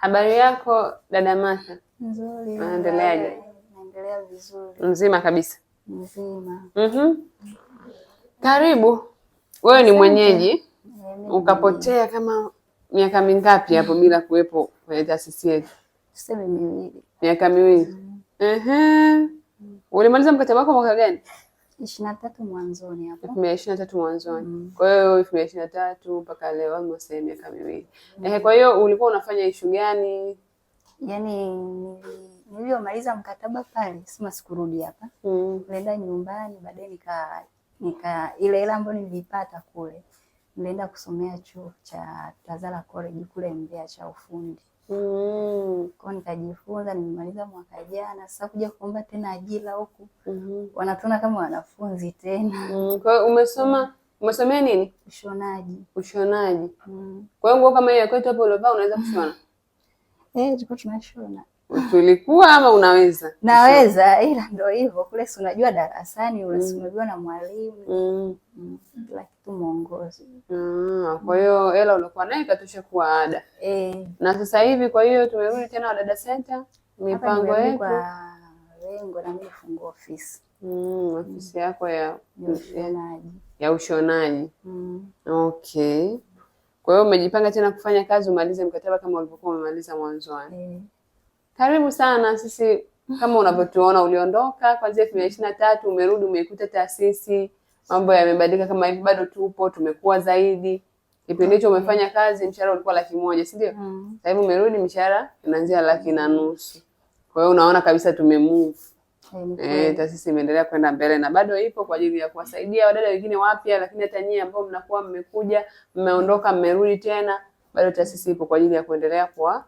Habari yako dada Martha? Nzuri. Unaendeleaje? Naendelea vizuri. Mzima kabisa? Mzima. Mhm. Karibu. Wewe ni mwenyeji ukapotea kama miaka mingapi hapo bila kuwepo kwenye taasisi yetu? Tuseme miwili. Miaka miwili. Mhm. Ulimaliza mkataba wako mwaka gani? ishirini na tatu mwanzoni elfu mbili ishirini na tatu mwanzoni. Mm. Kwa hiyo elfu mbili ishirini na tatu mpaka leo almost miaka miwili. Mm. Ehe, kwa hiyo ulikuwa unafanya ishu gani? yani niliyomaliza mkataba pale, sima sikurudi hapa, mm. nilienda nyumbani baadaye nika nika ile hela ambayo niliipata kule nilienda kusomea chuo cha Tazara College kule Mbeya cha ufundi mm. Kwa nikajifunza, nimemaliza mwaka jana. Sasa kuja kuomba tena ajira huku mm -hmm. wanatuna kama wanafunzi tena mm. Kwa hiyo umesoma umesomea nini? Ushonaji. Ushonaji. Mm. Kwa hiyo nguo kama hiyo ya kwetu hapo uliovaa unaweza kushona? Eh, tulikuwa tunashona tulikuwa ama unaweza naweza, ila ndo hivyo kule, si unajua darasani ule, si mm. na mwalimu mm. mm like tu kitu mm. kwa hiyo hela uliokuwa naye ikatosha kuwa ada e. na sasa hivi, kwa hiyo tumerudi tena Wadada Center, mipango yetu kwa lengo la mimi kufungua ofisi mm. ofisi mm. yako ya ushonaji ya ushonaji mm. okay kwa hiyo umejipanga tena kufanya kazi umalize mkataba kama ulivyokuwa umemaliza mwanzoni. Mm. Karibu sana sisi, kama unavyotuona, uliondoka kwanzia elfu mbili ishirini na tatu umerudi, umekuta taasisi, mambo yamebadilika kama hivi, bado tupo, tumekuwa zaidi. Kipindi hicho umefanya kazi, mshahara ulikuwa laki moja, si ndio? Mm. Sasa hivi umerudi, mshahara inaanzia laki na nusu. Kwa hiyo unaona kabisa tumemove. Eh, taasisi imeendelea kwenda mbele na bado ipo kwa ajili ya kuwasaidia wadada wengine wapya, lakini hata nyinyi ambao mnakuwa mmekuja, mmeondoka, mmerudi tena, bado taasisi ipo kwa ajili ya kuendelea kwa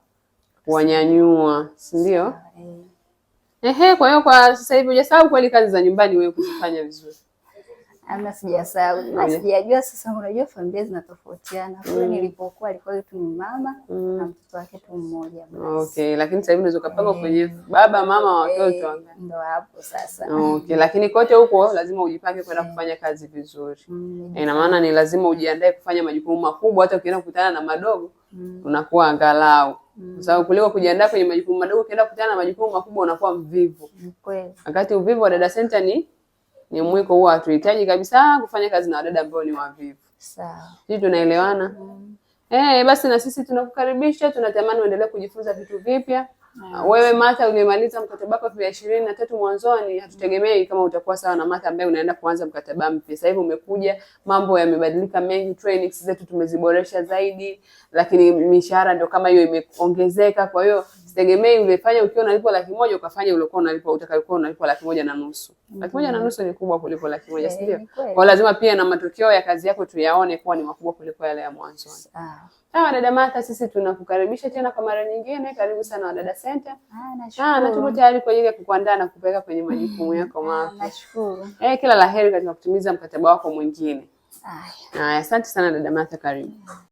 kuwanyanyua, si ndio? Eh. Ehe, kwa hiyo kwa sasa hivi hujasahau kweli kazi za nyumbani wewe kuzifanya vizuri? Amna, sijasahau na mm. sijajua. Sasa unajua familia zinatofautiana. Kule mm. nilipokuwa alikuwa yetu ni mama mm. na mtoto wake tu mmoja basi. Okay, lakini sasa hivi unaweza kupanga eh. kwenye baba mama wa eh, watoto. Ndio hapo sasa. Okay, lakini kote huko lazima ujipange kwenda kufanya kazi vizuri. Ina maana ni lazima ujiandae kufanya majukumu makubwa, hata ukienda kukutana na madogo unakuwa angalau kwa sababu kuliko kujiandaa kwenye majukumu madogo, ukienda kukutana na majukumu makubwa unakuwa mvivu. Kweli. Wakati uvivu wa dada center ni ni mwiko, huwa hatuhitaji kabisa kufanya kazi na wadada ambao ni wavivu. Sawa. Sisi tunaelewana. Mm. Eh, basi na sisi tunakukaribisha, tunatamani uendelee kujifunza vitu vipya. Yes. Wewe Martha ulimaliza mkataba wako vya ishirini na tatu mwanzoni, hatutegemei mm-hmm. kama utakuwa sawa na Martha ambaye unaenda kuanza mkataba mpya sasa hivi. Umekuja, mambo yamebadilika mengi, trainings zetu tumeziboresha zaidi, lakini mishahara ndio kama hiyo imeongezeka. Kwa hiyo Sitegemei ulifanya ukiwa unalipwa laki moja ukafanya uliokuwa unalipwa utakayokuwa unalipwa laki moja na nusu. Laki moja na mhm. nusu ni kubwa kuliko laki moja, si eh, ndio? Kwa lazima pia na matokeo ya kazi yako tuyaone kuwa ni makubwa kuliko yale ya mwanzo. Sawa, dada Martha, sisi tunakukaribisha tena kwa mara nyingine. Karibu sana Wadada Center. Ah, ah, na tuko tayari kwa ajili ya kukuandaa na kupeleka kwenye majukumu mm. yako ah, mapya. Nashukuru. Eh, kila laheri katika kutimiza mkataba wako mwingine. Haya, asante sana dada Martha, karibu.